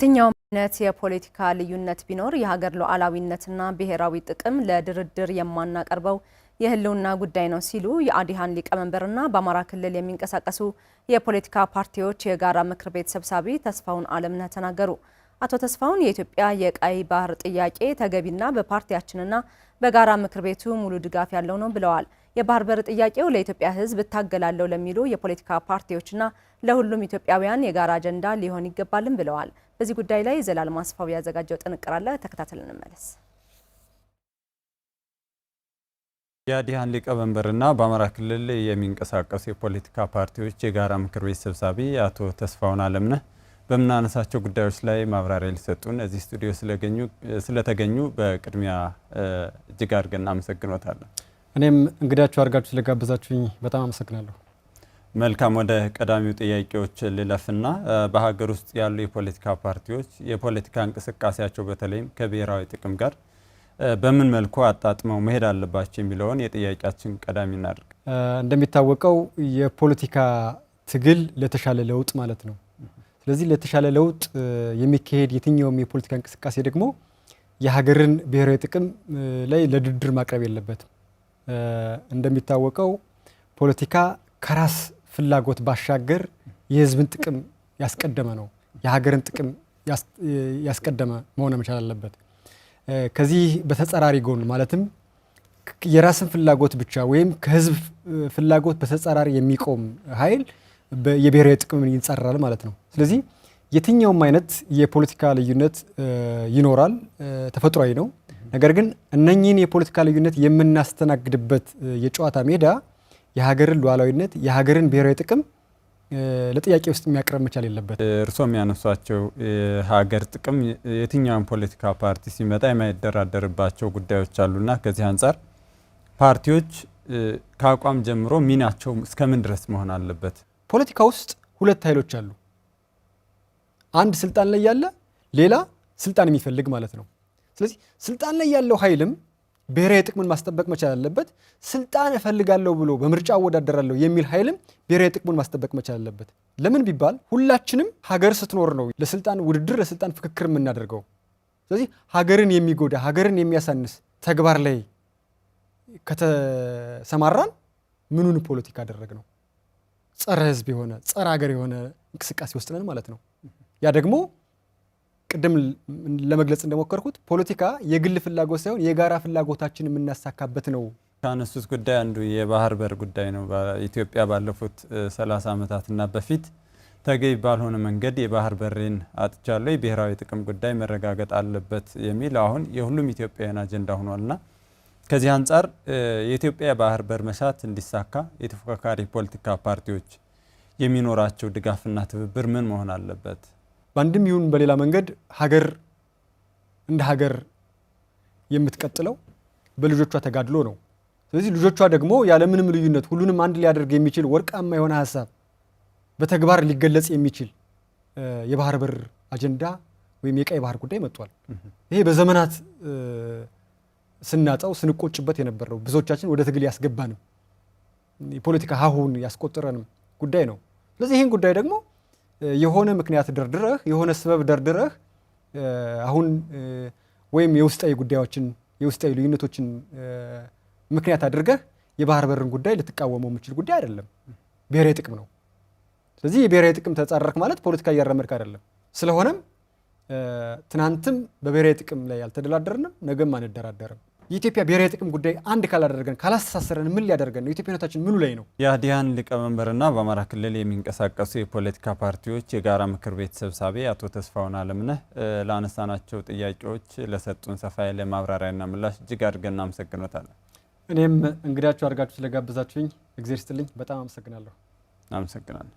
የትኛውም አይነት የፖለቲካ ልዩነት ቢኖር የሀገር ሉዓላዊነትና ብሔራዊ ጥቅም ለድርድር የማናቀርበው የህልውና ጉዳይ ነው ሲሉ የአዲሃን ሊቀመንበርና በአማራ ክልል የሚንቀሳቀሱ የፖለቲካ ፓርቲዎች የጋራ ምክር ቤት ሰብሳቢ ተስፋውን አለምነህ ተናገሩ። አቶ ተስፋውን የኢትዮጵያ የቀይ ባህር ጥያቄ ተገቢና በፓርቲያችንና በጋራ ምክር ቤቱ ሙሉ ድጋፍ ያለው ነው ብለዋል። የባህር በር ጥያቄው ለኢትዮጵያ ሕዝብ እታገላለሁ ለሚሉ የፖለቲካ ፓርቲዎችና ለሁሉም ኢትዮጵያውያን የጋራ አጀንዳ ሊሆን ይገባልም ብለዋል። በዚህ ጉዳይ ላይ ዘላለም አስፋው ያዘጋጀው ጥንቅር አለ። ተከታተል እንመለስ። የአዲሃን ሊቀመንበርና በአማራ ክልል የሚንቀሳቀሱ የፖለቲካ ፓርቲዎች የጋራ ምክር ቤት ሰብሳቢ አቶ ተስፋውን አለምነህ በምናነሳቸው ጉዳዮች ላይ ማብራሪያ ሊሰጡን እዚህ ስቱዲዮ ስለተገኙ በቅድሚያ እጅግ አድርገን አመሰግኖታለን። እኔም እንግዳችሁ አድርጋችሁ ስለጋበዛችሁኝ በጣም አመሰግናለሁ። መልካም ወደ ቀዳሚው ጥያቄዎች ልለፍና በሀገር ውስጥ ያሉ የፖለቲካ ፓርቲዎች የፖለቲካ እንቅስቃሴያቸው በተለይም ከብሔራዊ ጥቅም ጋር በምን መልኩ አጣጥመው መሄድ አለባቸው የሚለውን የጥያቄያችን ቀዳሚ እናድርግ። እንደሚታወቀው የፖለቲካ ትግል ለተሻለ ለውጥ ማለት ነው። ስለዚህ ለተሻለ ለውጥ የሚካሄድ የትኛውም የፖለቲካ እንቅስቃሴ ደግሞ የሀገርን ብሔራዊ ጥቅም ላይ ለድርድር ማቅረብ የለበትም። እንደሚታወቀው ፖለቲካ ከራስ ፍላጎት ባሻገር የህዝብን ጥቅም ያስቀደመ ነው። የሀገርን ጥቅም ያስቀደመ መሆን መቻል አለበት። ከዚህ በተጸራሪ ጎን ማለትም የራስን ፍላጎት ብቻ ወይም ከህዝብ ፍላጎት በተጸራሪ የሚቆም ኃይል የብሔራዊ ጥቅምን ይንጸራል ማለት ነው። ስለዚህ የትኛውም አይነት የፖለቲካ ልዩነት ይኖራል፣ ተፈጥሯዊ ነው። ነገር ግን እነኚህን የፖለቲካ ልዩነት የምናስተናግድበት የጨዋታ ሜዳ የሀገርን ሉዓላዊነት የሀገርን ብሔራዊ ጥቅም ለጥያቄ ውስጥ የሚያቀርብ መቻል የለበት። እርስዎ የሚያነሷቸው የሀገር ጥቅም የትኛውን ፖለቲካ ፓርቲ ሲመጣ የማይደራደርባቸው ጉዳዮች አሉና ከዚህ አንጻር ፓርቲዎች ከአቋም ጀምሮ ሚናቸው እስከምን ድረስ መሆን አለበት? ፖለቲካ ውስጥ ሁለት ኃይሎች አሉ። አንድ ስልጣን ላይ ያለ ሌላ ስልጣን የሚፈልግ ማለት ነው። ስለዚህ ስልጣን ላይ ያለው ኃይልም ብሔራዊ ጥቅምን ማስጠበቅ መቻል አለበት። ስልጣን እፈልጋለሁ ብሎ በምርጫ አወዳደራለሁ የሚል ኃይልም ብሔራዊ ጥቅሙን ማስጠበቅ መቻል አለበት። ለምን ቢባል ሁላችንም ሀገር ስትኖር ነው ለስልጣን ውድድር፣ ለስልጣን ፍክክር የምናደርገው። ስለዚህ ሀገርን የሚጎዳ ሀገርን የሚያሳንስ ተግባር ላይ ከተሰማራን ምኑን ፖለቲካ አደረግ ነው? ጸረ ህዝብ የሆነ ጸረ ሀገር የሆነ እንቅስቃሴ ውስጥ ነን ማለት ነው። ያ ደግሞ ቅድም ለመግለጽ እንደሞከርኩት ፖለቲካ የግል ፍላጎት ሳይሆን የጋራ ፍላጎታችን የምናሳካበት ነው። ካነሱት ጉዳይ አንዱ የባህር በር ጉዳይ ነው። ኢትዮጵያ ባለፉት 30 ዓመታትና በፊት ተገቢ ባልሆነ መንገድ የባህር በሬን አጥቻለሁ፣ የብሔራዊ ጥቅም ጉዳይ መረጋገጥ አለበት የሚል አሁን የሁሉም ኢትዮጵያውያን አጀንዳ ሆኗልና ከዚህ አንጻር የኢትዮጵያ የባህር በር መሻት እንዲሳካ የተፎካካሪ ፖለቲካ ፓርቲዎች የሚኖራቸው ድጋፍና ትብብር ምን መሆን አለበት? በአንድም ይሁን በሌላ መንገድ ሀገር እንደ ሀገር የምትቀጥለው በልጆቿ ተጋድሎ ነው። ስለዚህ ልጆቿ ደግሞ ያለምንም ልዩነት ሁሉንም አንድ ሊያደርግ የሚችል ወርቃማ የሆነ ሀሳብ በተግባር ሊገለጽ የሚችል የባህር በር አጀንዳ ወይም የቀይ ባህር ጉዳይ መጥቷል። ይሄ በዘመናት ስናጣው ስንቆጭበት የነበረው ብዙዎቻችን ወደ ትግል ያስገባንም የፖለቲካ ሀሁን ያስቆጠረንም ጉዳይ ነው። ስለዚህ ይህን ጉዳይ ደግሞ የሆነ ምክንያት ደርድረህ የሆነ ስበብ ደርድረህ አሁን ወይም የውስጣዊ ጉዳዮችን የውስጣዊ ልዩነቶችን ምክንያት አድርገህ የባህር በርን ጉዳይ ልትቃወመው የምችል ጉዳይ አይደለም። ብሔራዊ ጥቅም ነው። ስለዚህ የብሔራዊ ጥቅም ተጻረርክ ማለት ፖለቲካ እያራመድክ አይደለም። ስለሆነም ትናንትም በብሔራዊ ጥቅም ላይ አልተደራደርንም፣ ነገም አንደራደርም። የኢትዮጵያ ብሔራዊ ጥቅም ጉዳይ አንድ ካላደረገን ካላስተሳሰረን ምን ሊያደርገን ነው? ኢትዮጵያዊነታችን ምኑ ላይ ነው? የአዲያን ሊቀመንበርና በአማራ ክልል የሚንቀሳቀሱ የፖለቲካ ፓርቲዎች የጋራ ምክር ቤት ሰብሳቢ አቶ ተስፋውን አለምነህ ለአነሳናቸው ጥያቄዎች ለሰጡን ሰፋ ያለ ማብራሪያና ምላሽ እጅግ አድርገን እናመሰግኖታለን። እኔም እንግዳችሁ አድርጋችሁ ስለጋበዛችሁኝ እግዜር ስጥልኝ በጣም አመሰግናለሁ። አመሰግናለሁ።